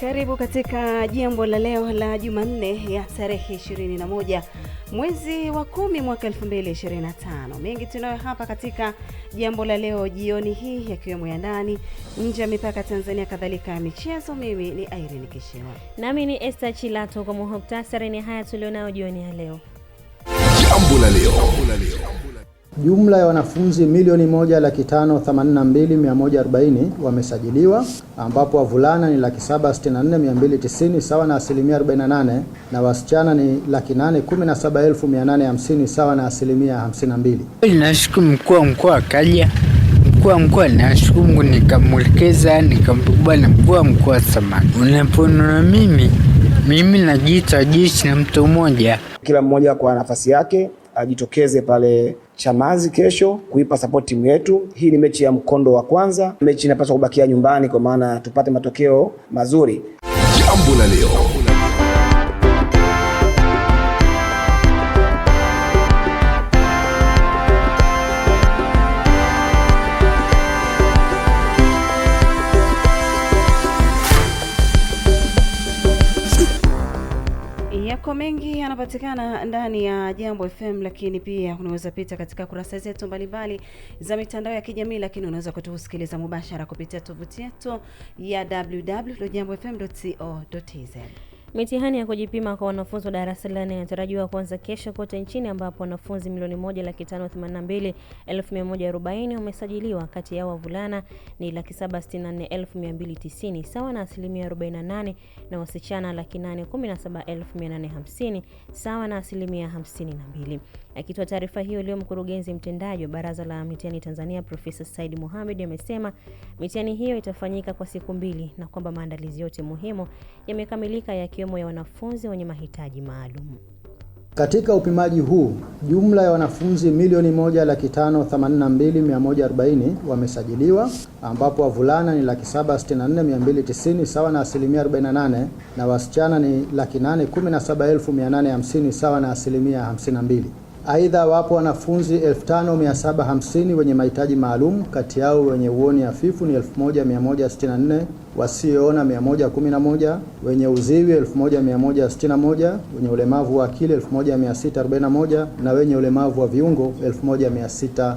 Karibu katika jambo la leo la Jumanne ya tarehe 21 mwezi wa kumi mwaka 2025. Mengi tunayo hapa katika jambo la leo jioni hii, yakiwemo ya ndani, nje ya mipaka Tanzania, kadhalika ya michezo. Mimi ni Irene Kishewa nami ni Esther Chilato. Kwa muhtasari, ni haya tulionayo jioni ya leo. Jambo la leo. Jumla ya wanafunzi milioni moja laki tano themanini na mbili mia moja arobaini wamesajiliwa ambapo wavulana ni laki saba sitini na nne mia mbili tisini sawa na asilimia arobaini na nane na wasichana ni laki nane kumi na saba elfu mia nane hamsini sawa na asilimia hamsini na mbili. Nashukuru mkuu wa mkoa akaja, mkuu wa mkoa nashukuru, nikamwelekeza nikambana, mkuu wa mkoa samani unaponona mimi mimi najiita jeshi na mtu mmoja, kila mmoja kwa nafasi yake ajitokeze pale Chamazi kesho kuipa support timu yetu. Hii ni mechi ya mkondo wa kwanza, mechi inapaswa kubakia nyumbani kwa maana tupate matokeo mazuri. Jambo la leo yako mengi yanapatikana ndani ya Jambo FM, lakini pia unaweza pita katika kurasa zetu mbalimbali za mitandao ya kijamii, lakini unaweza kutusikiliza mubashara kupitia tovuti yetu ya www.jambofm.co.tz. Mitihani ya kujipima kwa wanafunzi wa darasa la nne inatarajiwa kuanza kesho kote nchini ambapo wanafunzi milioni moja laki tano themanini na mbili elfu mia moja arobaini wamesajiliwa. Kati yao wavulana ni laki saba sitini na nne elfu mia mbili tisini sawa na asilimia arobaini na nane na wasichana laki nane kumi na saba elfu mia nane hamsini sawa na asilimia hamsini na mbili. Akitoa taarifa hiyo leo, mkurugenzi mtendaji wa Baraza la Mitihani Tanzania Profesa Said Mohamed amesema mitihani hiyo itafanyika kwa siku mbili na kwamba maandalizi yote muhimu yamekamilika, yakiwemo ya wanafunzi wenye mahitaji maalum. Katika upimaji huu jumla ya wanafunzi milioni moja laki tano themanini na mbili mia moja arobaini wamesajiliwa ambapo wavulana ni laki saba sitini na nne mia mbili tisini sawa na asilimia 48 na wasichana ni laki nane kumi na saba elfu mia nane hamsini sawa na asilimia 52. Aidha, wapo wanafunzi 5750 wenye mahitaji maalum, kati yao wenye uoni hafifu ni 1164, wasioona 111, wenye uziwi 1161, wenye ulemavu wa akili 1641 na wenye ulemavu wa viungo 1600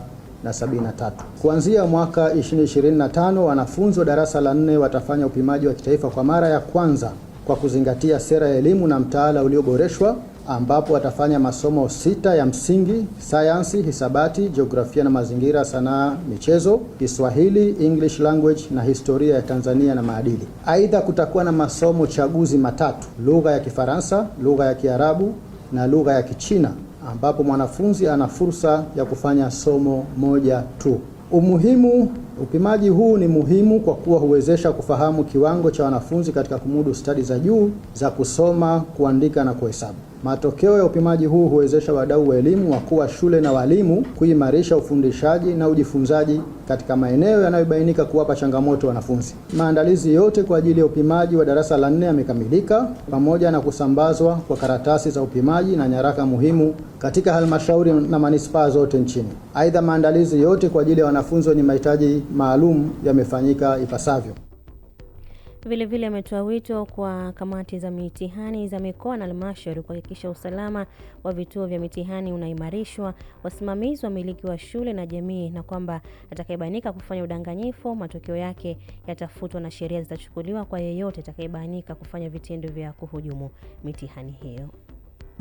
na tatu. Kuanzia mwaka 2025 wanafunzi wa darasa la nne watafanya upimaji wa kitaifa kwa mara ya kwanza kwa kuzingatia sera ya elimu na mtaala ulioboreshwa ambapo watafanya masomo sita ya msingi: sayansi, hisabati, jiografia na mazingira, sanaa, michezo, Kiswahili, English language na historia ya Tanzania na maadili. Aidha, kutakuwa na masomo chaguzi matatu: lugha ya Kifaransa, lugha ya Kiarabu na lugha ya Kichina, ambapo mwanafunzi ana fursa ya kufanya somo moja tu. Umuhimu Upimaji huu ni muhimu kwa kuwa huwezesha kufahamu kiwango cha wanafunzi katika kumudu stadi za juu za kusoma, kuandika na kuhesabu. Matokeo ya upimaji huu huwezesha wadau wa elimu, wakuu wa shule na walimu kuimarisha ufundishaji na ujifunzaji katika maeneo yanayobainika kuwapa changamoto wanafunzi. Maandalizi yote kwa ajili ya upimaji wa darasa la nne yamekamilika pamoja na kusambazwa kwa karatasi za upimaji na nyaraka muhimu katika halmashauri na manispaa zote nchini. Aidha, maandalizi yote kwa ajili ya wanafunzi wenye mahitaji maalum yamefanyika ipasavyo. Vilevile ametoa wito kwa kamati za mitihani za mikoa na halmashauri kuhakikisha usalama wa vituo vya mitihani unaimarishwa, wasimamizi, wamiliki wa shule na jamii, na kwamba atakayebainika kufanya udanganyifu matokeo yake yatafutwa na sheria zitachukuliwa kwa yeyote atakayebainika kufanya vitendo vya kuhujumu mitihani hiyo.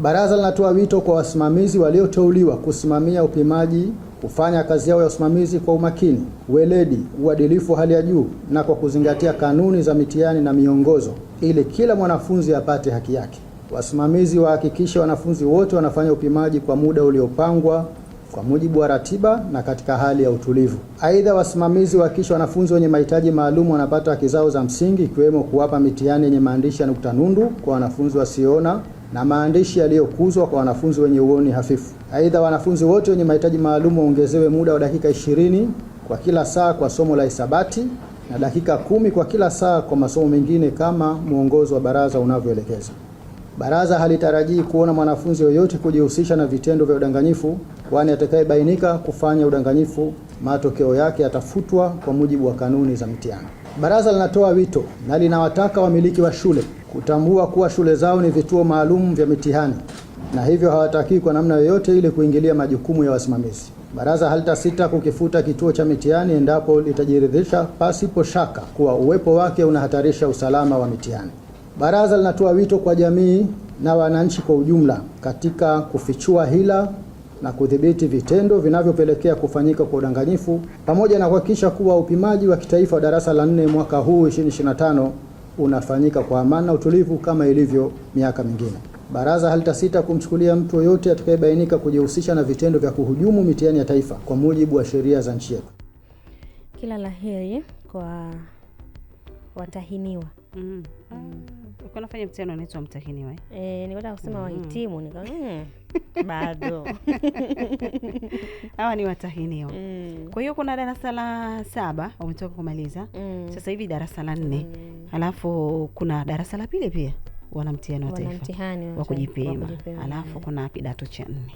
Baraza linatoa wito kwa wasimamizi walioteuliwa kusimamia upimaji kufanya kazi yao ya usimamizi kwa umakini, weledi, uadilifu wa hali ya juu na kwa kuzingatia kanuni za mitihani na miongozo ili kila mwanafunzi apate haki yake. Wasimamizi wahakikishe wanafunzi wote wanafanya upimaji kwa muda uliopangwa kwa mujibu wa ratiba na katika hali ya utulivu. Aidha, wasimamizi wahakikishe wanafunzi wenye mahitaji maalum wanapata haki zao za msingi ikiwemo kuwapa mitihani yenye maandishi ya nukta nundu kwa wanafunzi wasioona na maandishi yaliyokuzwa kwa wanafunzi wenye uoni hafifu. Aidha, wanafunzi wote wenye mahitaji maalum waongezewe muda wa dakika 20 kwa kila saa kwa somo la hisabati na dakika kumi kwa kila saa kwa masomo mengine kama mwongozo wa baraza unavyoelekeza. Baraza halitarajii kuona mwanafunzi yoyote kujihusisha na vitendo vya udanganyifu, kwani atakayebainika kufanya udanganyifu, matokeo yake yatafutwa kwa mujibu wa kanuni za mtihani. Baraza linatoa wito na linawataka wamiliki wa shule kutambua kuwa shule zao ni vituo maalum vya mitihani na hivyo hawatakii kwa namna yoyote ile kuingilia majukumu ya wasimamizi. Baraza halitasita kukifuta kituo cha mitihani endapo litajiridhisha pasipo shaka kuwa uwepo wake unahatarisha usalama wa mitihani. Baraza linatoa wito kwa jamii na wananchi kwa ujumla katika kufichua hila na kudhibiti vitendo vinavyopelekea kufanyika kwa udanganyifu pamoja na kuhakikisha kuwa upimaji wa kitaifa wa darasa la nne mwaka huu 2025 unafanyika kwa amani na utulivu kama ilivyo miaka mingine. Baraza halitasita kumchukulia mtu yoyote atakayebainika kujihusisha na vitendo vya kuhujumu mitihani ya taifa kwa mujibu wa sheria za nchi yetu. Kila la heri kwa watahiniwa. mm. Mm. Ukiwa nafanya mtihani unaitwa mtahiniwa. Eh, nilipata kusema mm. wahitimu nika mm, bado hawa ni watahiniwa mm. Kwa hiyo kuna darasa la saba umetoka kumaliza mm. Sasa hivi darasa la nne mm. Alafu kuna darasa la pili pia wana mtihani wa taifa wa kujipima, alafu kuna kidato cha nne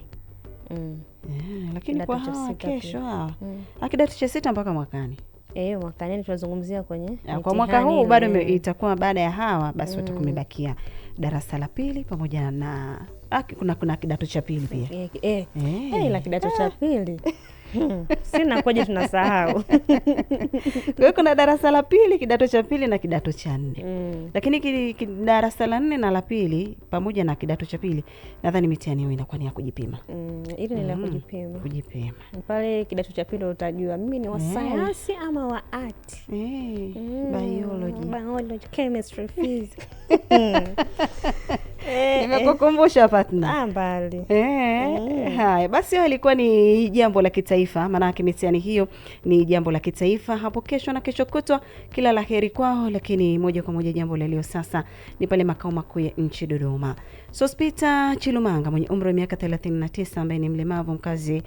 mm. Yeah, lakini kwa hawa kesho hawa mm. kidato cha sita mpaka mwakani Eh, mwaka nini tunazungumzia kwenye ya, kwa mwaka huu bado itakuwa baada ya hawa basi watakuwa imebakia mm. darasa la pili pamoja na ah, kuna kuna kidato cha pili pia eh, eh. Eh. Eh, la kidato cha ah. pili sina kwaje, tunasahau. Kwa hiyo kuna darasa la pili, kidato cha pili na kidato cha nne mm. Lakini darasa la nne na la pili pamoja na kidato cha pili nadhani mitihani hiyo inakuwa ni ya kujipima mm. Ili ni la mm, kujipima, kujipima pale kidato cha pili utajua mimi ni wa eh. sayansi yeah. ama wa art hey. Eh, mm. biology, biology, chemistry, physics eh, nimekukumbusha partner ah, mbali. Mm. Haya basi, hiyo ilikuwa ni jambo la kitaifa kitaifa, maanake mitihani hiyo ni jambo la kitaifa hapo kesho na kesho kutwa. Kila la heri kwao, lakini moja kwa moja jambo la leo sasa ni pale makao makuu ya nchi Dodoma. Sospita Chilumanga mwenye umri wa miaka 39 ambaye ni mlemavu mkazi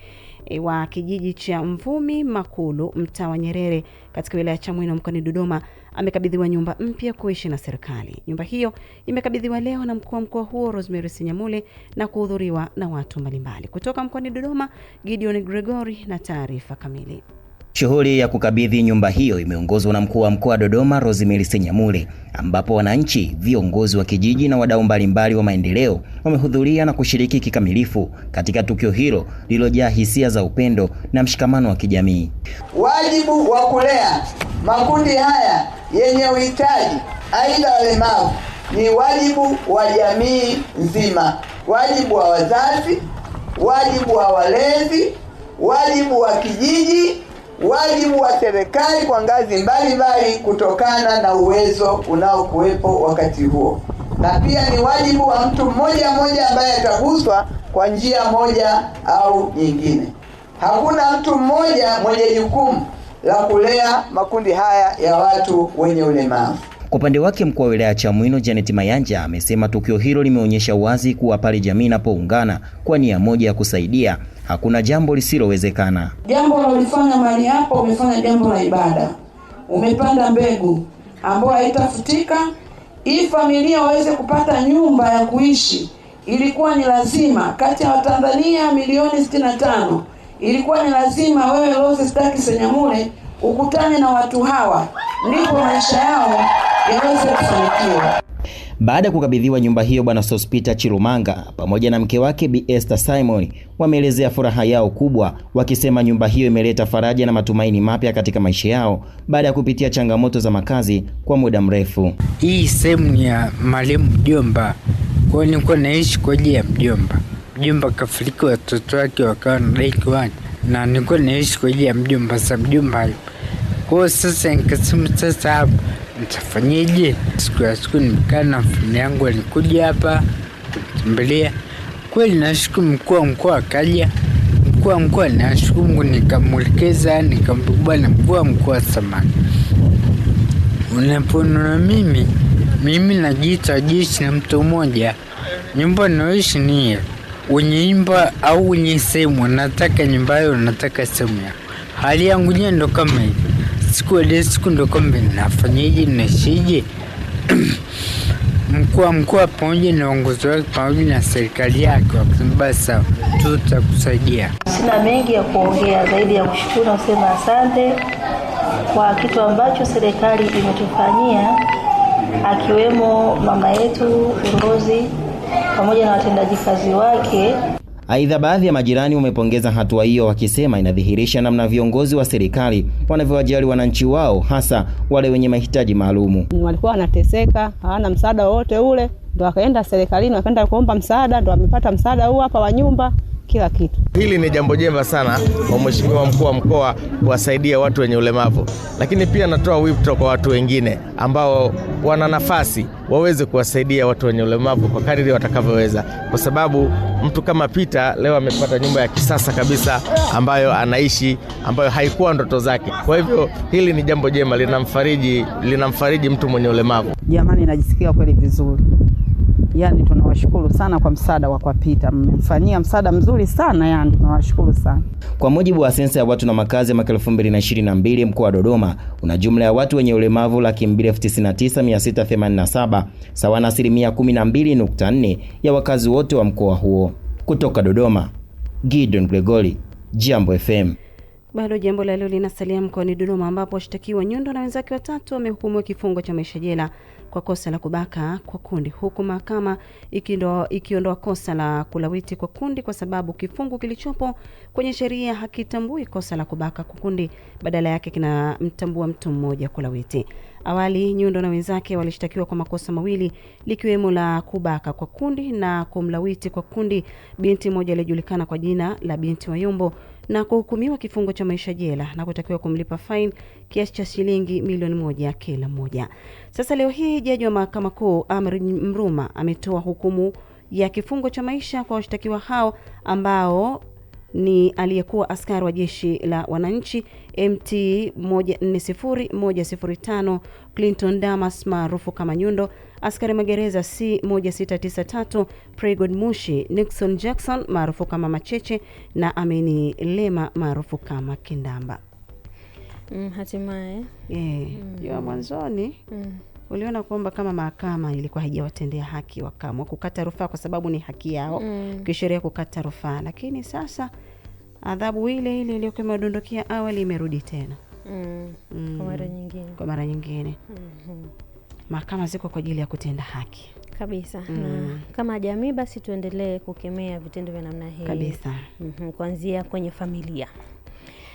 e, wa kijiji cha Mvumi Makulu, mtaa wa Nyerere, katika wilaya ya Chamwino mkoani Dodoma amekabidhiwa nyumba mpya kuishi na serikali. Nyumba hiyo imekabidhiwa leo na mkuu wa mkoa huo Rosemary Sinyamule na kuhudhuriwa na watu mbalimbali. Kutoka mkoani Dodoma, Gideon Gregory na taarifa kamili. Shughuli ya kukabidhi nyumba hiyo imeongozwa na mkuu wa mkoa wa Dodoma Rosemary Senyamule, ambapo wananchi, viongozi wa kijiji na wadau mbalimbali wa maendeleo wamehudhuria na kushiriki kikamilifu katika tukio hilo lililojaa hisia za upendo na mshikamano wa kijamii. Wajibu wa kulea makundi haya yenye uhitaji, aidha walemavu, ni wajibu wa jamii nzima, wajibu wa wazazi, wajibu wa walezi, wajibu wa kijiji, wajibu wa serikali kwa ngazi mbalimbali, kutokana na uwezo unaokuwepo wakati huo, na pia ni wajibu wa mtu mmoja mmoja ambaye ataguswa kwa njia moja au nyingine. Hakuna mtu mmoja mwenye jukumu la kulea makundi haya ya watu wenye ulemavu. Kwa upande wake mkuu wa wilaya Chamwino Janet Mayanja amesema tukio hilo limeonyesha wazi kuwa pale jamii inapoungana kwa nia moja ya kusaidia hakuna jambo lisilowezekana. Jambo ulifanya mahali hapo, umefanya jambo la ibada, umepanda mbegu ambayo haitafutika. Ili familia waweze kupata nyumba ya kuishi, ilikuwa ni lazima kati ya Watanzania milioni 65 Ilikuwa ni lazima wewe Rose Staki Senyamule ukutane na watu hawa, ndipo maisha yao yaweze kufanikiwa. Baada ya kukabidhiwa nyumba hiyo, Bwana Sospita Chirumanga pamoja na mke wake Bi Esther Simon wameelezea furaha yao kubwa, wakisema nyumba hiyo imeleta faraja na matumaini mapya katika maisha yao baada ya kupitia changamoto za makazi kwa muda mrefu. Hii sehemu ni ya marehemu mjomba, kwa hiyo nilikuwa naishi kwa ajili ya mjomba mjomba kafariki, watoto wake wakawa na wanadai kiwanja, na nilikuwa naishi kwa ajili ya mjumba sa mjumba hayupo. Kwa sasa nikasema, sasa hapa nitafanyeje? Siku ya siku nimekaa na familia yangu, walikuja hapa kutembelea. Kweli nashukuru mkuu wa mkoa akaja, mkuu wa mkoa nashukuru, nikamwelekeza nikamwambia, bwana mkuu wa mkoa, samani unaponuna mimi mimi najiita jishi na mtu mmoja, nyumba naoishi ni hiyo Unyeimba au unyesehemu, nataka nyimba yao, nataka sehemu yao. Hali yangu nye ndo kama hivi, siku ile siku ndo kama nafanyaje, nashije mkuu wa mkoa pamoja na uongozi wake pamoja na serikali yake wakisema sawa, tutakusaidia. Sina mengi ya kuongea zaidi ya kushukuru na kusema asante kwa kitu ambacho serikali imetufanyia, akiwemo mama yetu urozi pamoja na watendaji kazi wake. Aidha, baadhi ya majirani wamepongeza hatua wa hiyo wakisema inadhihirisha namna viongozi wa serikali wanavyowajali wananchi wao, hasa wale wenye mahitaji maalumu. Walikuwa wanateseka, hawana msaada wowote ule, ndo wakaenda serikalini, wakaenda kuomba msaada, ndo wamepata msaada huu hapa wa nyumba kila kitu. Hili ni jambo jema sana kwa Mheshimiwa mkuu wa mkoa kuwasaidia watu wenye ulemavu, lakini pia natoa wito kwa watu wengine ambao wana nafasi waweze kuwasaidia watu wenye ulemavu kwa kadiri watakavyoweza, kwa sababu mtu kama Pita leo amepata nyumba ya kisasa kabisa ambayo anaishi, ambayo haikuwa ndoto zake. Kwa hivyo hili ni jambo jema, linamfariji linamfariji mtu mwenye ulemavu. Jamani, najisikia kweli vizuri yani tunawashukuru sana kwa msaada wa Kwapita, mmemfanyia msaada mzuri sana yani tunawashukuru sana. Kwa mujibu wa sensa ya watu na makazi ya mwaka 2022 mkoa wa Dodoma una jumla ya watu wenye ulemavu laki mbili elfu tisini na tisa mia sita themanini na saba sawa na asilimia 12.4 ya wakazi wote wa mkoa huo. Kutoka Dodoma, Gideon Gregori, Jambo FM. Bado jambo la leo linasalia mkoani Dodoma ambapo washtakiwa Nyundo na wenzake watatu wamehukumiwa kifungo cha maisha jela kwa kosa la kubaka kwa kundi, huku mahakama ikiondoa kosa la kulawiti kwa kundi kwa sababu kifungu kilichopo kwenye sheria hakitambui kosa la kubaka kwa kundi, badala yake kinamtambua mtu mmoja kulawiti. Awali Nyundo na wenzake walishtakiwa kwa makosa mawili likiwemo la kubaka kwa kundi na kumlawiti kwa kundi binti moja aliyejulikana kwa jina la binti Yumbo na kuhukumiwa kifungo cha maisha jela na kutakiwa kumlipa fine kiasi cha shilingi milioni moja kila moja Sasa leo hii jaji wa mahakama kuu Amri Mruma ametoa hukumu ya kifungo cha maisha kwa washtakiwa hao ambao ni aliyekuwa askari wa jeshi la wananchi MT 140105 Clinton Damas maarufu kama Nyundo, askari magereza C 1693 Pregod Mushi, Nixon Jackson maarufu kama Macheche na Amini Lema maarufu kama Kindamba. Mm, hatimaye yeah. mm. Jua mwanzoni mm waliona kwamba kama mahakama ilikuwa haijawatendea haki wakamwa kukata rufaa, kwa sababu ni haki yao mm. kisheria kukata rufaa, lakini sasa adhabu ile ile iliyokuwa imedondokea awali imerudi tena mm. Mm. kwa mara nyingine, kwa mara nyingine. Mm-hmm. Mahakama ziko kwa ajili ya kutenda haki kabisa mm. na kama jamii basi tuendelee kukemea vitendo vya namna hii kabisa mm-hmm. kuanzia kwenye familia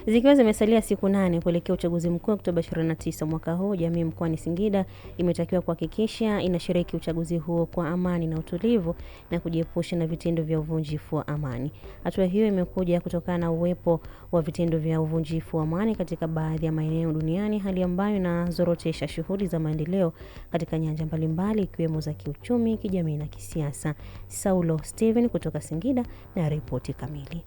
Zikiwa zimesalia siku nane kuelekea uchaguzi mkuu Oktoba 29 mwaka huu, jamii mkoani Singida imetakiwa kuhakikisha inashiriki uchaguzi huo kwa amani na utulivu na kujiepusha na vitendo vya uvunjifu wa amani. Hatua hiyo imekuja kutokana na uwepo wa vitendo vya uvunjifu wa amani katika baadhi ya maeneo duniani, hali ambayo inazorotesha shughuli za maendeleo katika nyanja mbalimbali ikiwemo za kiuchumi, kijamii na kisiasa. Saulo Steven kutoka Singida na ripoti kamili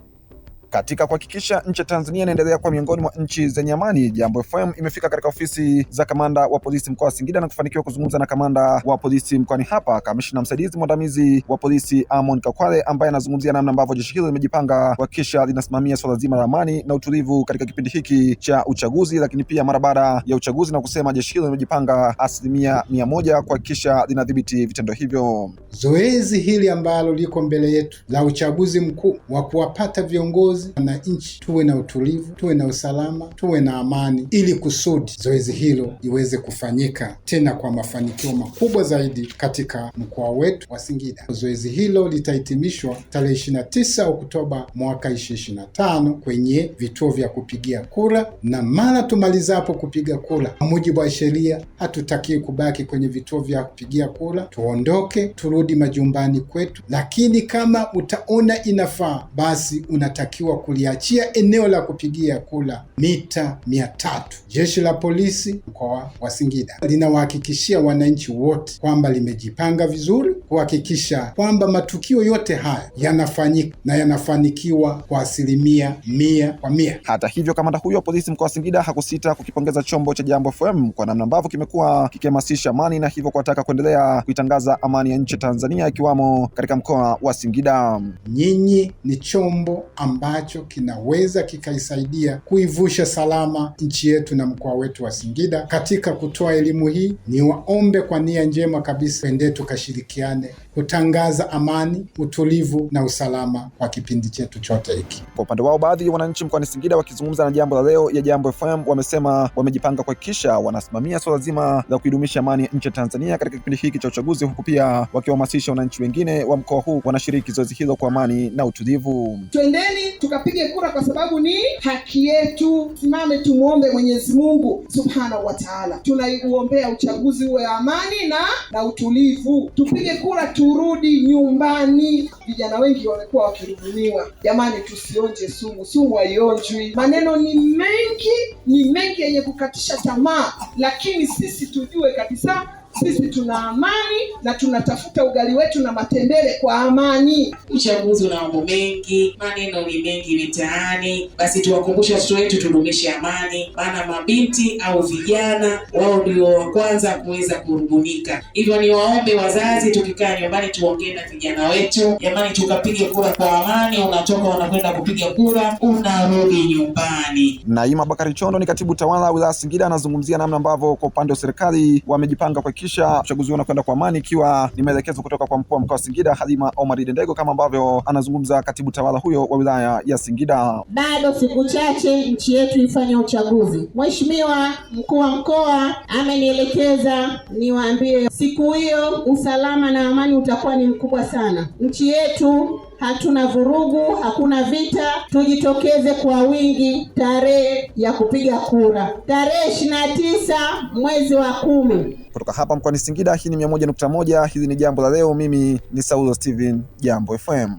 katika kuhakikisha nchi ya Tanzania inaendelea kuwa miongoni mwa nchi zenye amani. Jambo FM imefika katika ofisi za kamanda wa polisi mkoa wa Singida na kufanikiwa kuzungumza na kamanda wa polisi mkoani hapa, kamishina msaidizi mwandamizi wa polisi Amon Kakwale, ambaye anazungumzia namna ambavyo jeshi hilo limejipanga kuhakikisha linasimamia swala zima la amani na utulivu katika kipindi hiki cha uchaguzi, lakini pia mara baada ya uchaguzi, na kusema jeshi hilo limejipanga asilimia mia moja kuhakikisha linadhibiti vitendo hivyo. Zoezi hili ambalo liko mbele yetu la uchaguzi mkuu wa kuwapata viongozi na nchi tuwe na utulivu, tuwe na usalama, tuwe na amani, ili kusudi zoezi hilo iweze kufanyika tena kwa mafanikio makubwa zaidi katika mkoa wetu wa Singida. Zoezi hilo litahitimishwa tarehe 29 Oktoba mwaka 2025 kwenye vituo vya kupigia kura, na mara tumalizapo kupiga kura, kwa mujibu wa sheria, hatutakiwi kubaki kwenye vituo vya kupigia kura, tuondoke, turudi majumbani kwetu, lakini kama utaona inafaa, basi unatakiwa kwa kuliachia eneo la kupigia kula mita mia tatu. Jeshi la polisi mkoa wa Singida linawahakikishia wananchi wote kwamba limejipanga vizuri kuhakikisha kwamba matukio yote haya yanafanyika na yanafanikiwa kwa asilimia mia kwa mia. Hata hivyo, kamanda huyo wa polisi mkoa wa Singida hakusita kukipongeza chombo cha Jambo FM kwa namna ambavyo kimekuwa kikihamasisha amani na hivyo kuwataka kuendelea kuitangaza amani ya nchi Tanzania, ikiwamo katika mkoa wa Singida. Nyinyi ni chombo ambacho kinaweza kikaisaidia kuivusha salama nchi yetu na mkoa wetu wa Singida. Katika kutoa elimu hii, ni waombe kwa nia njema kabisa, twende tukashirikiana grande. kutangaza amani, utulivu na usalama kwa kipindi chetu chote hiki. Kwa upande wao, baadhi ya wananchi mkoani Singida wakizungumza na Jambo la Leo ya Jambo FM wamesema wamejipanga kuhakikisha wanasimamia suala zima la kuidumisha amani ya nchi ya Tanzania katika kipindi hiki cha uchaguzi, huku pia wakiwahamasisha wananchi wengine wa mkoa huu wanashiriki zoezi hilo kwa amani na utulivu. Twendeni tukapige kura, kwa sababu ni haki yetu. Simame tumwombe Mwenyezi Mungu subhanahu wataala, tunaiuombea tunauombea uchaguzi uwe amani na na utulivu. Tupige kura tu turudi nyumbani. Vijana wengi wamekuwa wakirudumiwa Jamani, tusionje sumu, sumu haionjwi. Maneno ni mengi, ni mengi yenye kukatisha tamaa, lakini sisi tujue kabisa sisi tuna amani na tunatafuta ugali wetu na matembele kwa amani. Uchaguzi una mambo mengi, maneno ni mengi mitaani, basi tuwakumbushe watoto wetu tudumishe amani, maana mabinti au vijana wao ndio wa kwanza kuweza kurubunika. Hivyo ni waombe wazazi, tukikaa nyumbani tuongee na vijana wetu, jamani, tukapige kura kwa amani. Unatoka unakwenda kupiga kura, unarudi nyumbani. Naima Bakari Chondo ni katibu tawala wilaya Singida, anazungumzia namna ambavyo kwa upande wa serikali wamejipanga kwa kuhakikisha uchaguzi huo unakwenda kwa amani, ikiwa ni maelekezo kutoka kwa mkuu wa mkoa wa Singida Halima omar Dendego, kama ambavyo anazungumza katibu tawala huyo wa wilaya ya Singida. Bado siku chache nchi yetu ifanye uchaguzi. Mheshimiwa mkuu wa mkoa amenielekeza niwaambie siku hiyo usalama na amani utakuwa ni mkubwa sana nchi yetu hatuna vurugu, hakuna vita. Tujitokeze kwa wingi tarehe ya kupiga kura, tarehe ishirini na tisa mwezi wa kumi. Kutoka hapa mkoani Singida, hii ni mia moja nukta moja. Hizi ni Jambo la Leo. Mimi ni Saulo Steven, Jambo FM.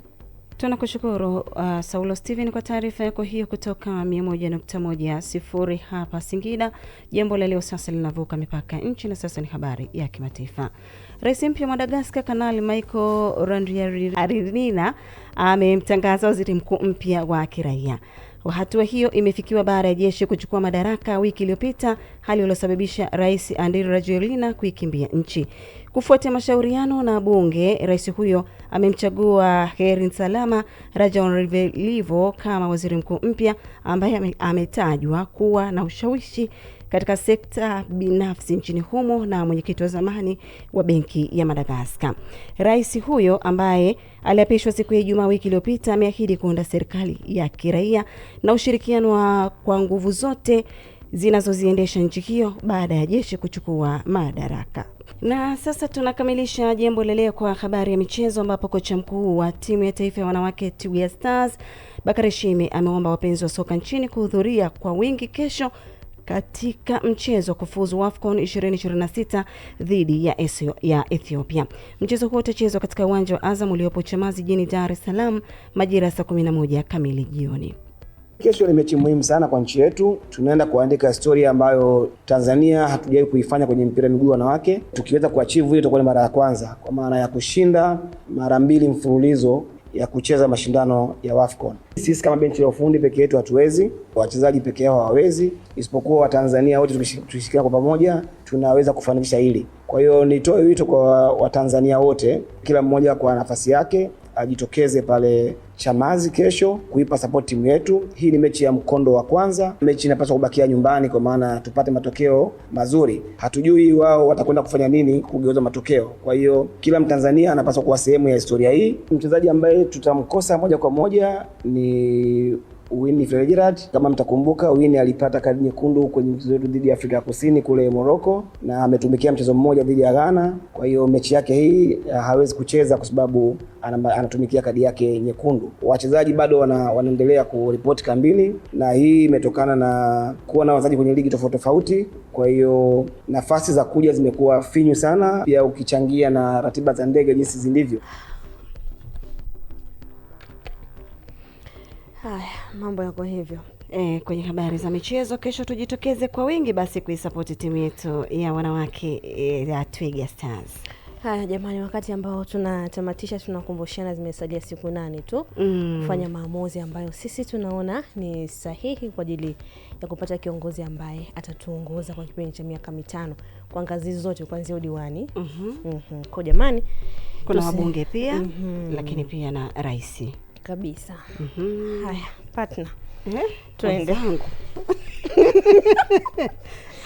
Tunakushukuru uh, Saulo Steven kwa taarifa yako hiyo kutoka 101.10 hapa Singida. Jambo la leo sasa linavuka mipaka nchi na sasa ni habari ya kimataifa. Rais mpya wa Madagaskar Kanali Michael Randrianirina amemtangaza waziri mkuu mpya wa kiraia. Hatua hiyo imefikiwa baada ya jeshi kuchukua madaraka wiki iliyopita, hali iliyosababisha Rais Andry Rajoelina kuikimbia nchi. Kufuatia mashauriano na bunge, rais huyo amemchagua Herin Salama Rajaonrivelivo kama waziri mkuu mpya ambaye ametajwa kuwa na ushawishi katika sekta binafsi nchini humo na mwenyekiti wa zamani wa benki ya Madagaskar. Rais huyo ambaye aliapishwa siku ya Ijumaa wiki iliyopita ameahidi kuunda serikali ya kiraia na ushirikiano wa kwa nguvu zote zinazoziendesha nchi hiyo baada ya jeshi kuchukua madaraka. Na sasa tunakamilisha jambo la leo kwa habari ya michezo, ambapo kocha mkuu wa timu ya taifa ya wanawake Twiga Stars Bakari Shime ameomba wapenzi wa soka nchini kuhudhuria kwa wingi kesho katika mchezo kufuzu AFCON 2026 dhidi ya, ya Ethiopia. Mchezo huo utachezwa katika uwanja wa Azam uliopo Chamazi jijini Dar es Salaam majira ya saa 11 kamili jioni. Kesho ni mechi muhimu sana kwa nchi yetu. Tunaenda kuandika historia ambayo Tanzania hatujawahi kuifanya kwenye mpira miguu wanawake. Tukiweza kuachieve hiyo, itakuwa ni mara ya kwanza, kwa maana ya kushinda mara mbili mfululizo ya kucheza mashindano ya WAFCON. Sisi kama benchi la ufundi peke yetu hatuwezi, wachezaji peke yao hawawezi, isipokuwa Watanzania wote tukishikiana kwa pamoja tunaweza kufanikisha hili. Kwa hiyo nitoe wito kwa Watanzania wote, kila mmoja kwa nafasi yake ajitokeze pale Chamazi kesho kuipa support timu yetu. Hii ni mechi ya mkondo wa kwanza, mechi inapaswa kubakia nyumbani, kwa maana tupate matokeo mazuri. Hatujui wao watakwenda kufanya nini kugeuza matokeo. Kwa hiyo kila Mtanzania anapaswa kuwa sehemu ya historia hii. Mchezaji ambaye tutamkosa moja kwa moja ni Winnie Fredegard kama mtakumbuka, Winnie alipata kadi nyekundu kwenye mchezo wetu dhidi ya Afrika Kusini kule Morocco, na ametumikia mchezo mmoja dhidi ya Ghana. Kwa hiyo mechi yake hii eh, hawezi kucheza kwa sababu anatumikia kadi yake nyekundu. Wachezaji bado wana, wanaendelea kuripoti kambini, na hii imetokana na kuwa na wachezaji kwenye ligi tofauti tofauti. Kwa hiyo nafasi za kuja zimekuwa finyu sana, pia ukichangia na ratiba za ndege jinsi zilivyo. Haya, mambo yako hivyo. E, kwenye habari za michezo, kesho tujitokeze kwa wingi basi kuisapoti timu yetu ya wanawake eh, ya Twiga Stars. Haya jamani, wakati ambao tunatamatisha, tunakumbushana zimesalia siku nane tu mm, kufanya maamuzi ambayo sisi tunaona ni sahihi kwa ajili ya kupata kiongozi ambaye atatuongoza kwa kipindi cha miaka mitano kwa ngazi zote, kuanzia udiwani mm -hmm. mm -hmm. kwa jamani, kuna wabunge pia mm -hmm. lakini pia na rais kabisa. mm -hmm. Haya partner, eh, tuende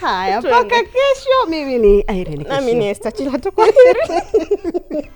haya mpaka kesho. Mimi ni Irene, nami ni Esther Chilato, kwa kwaheri.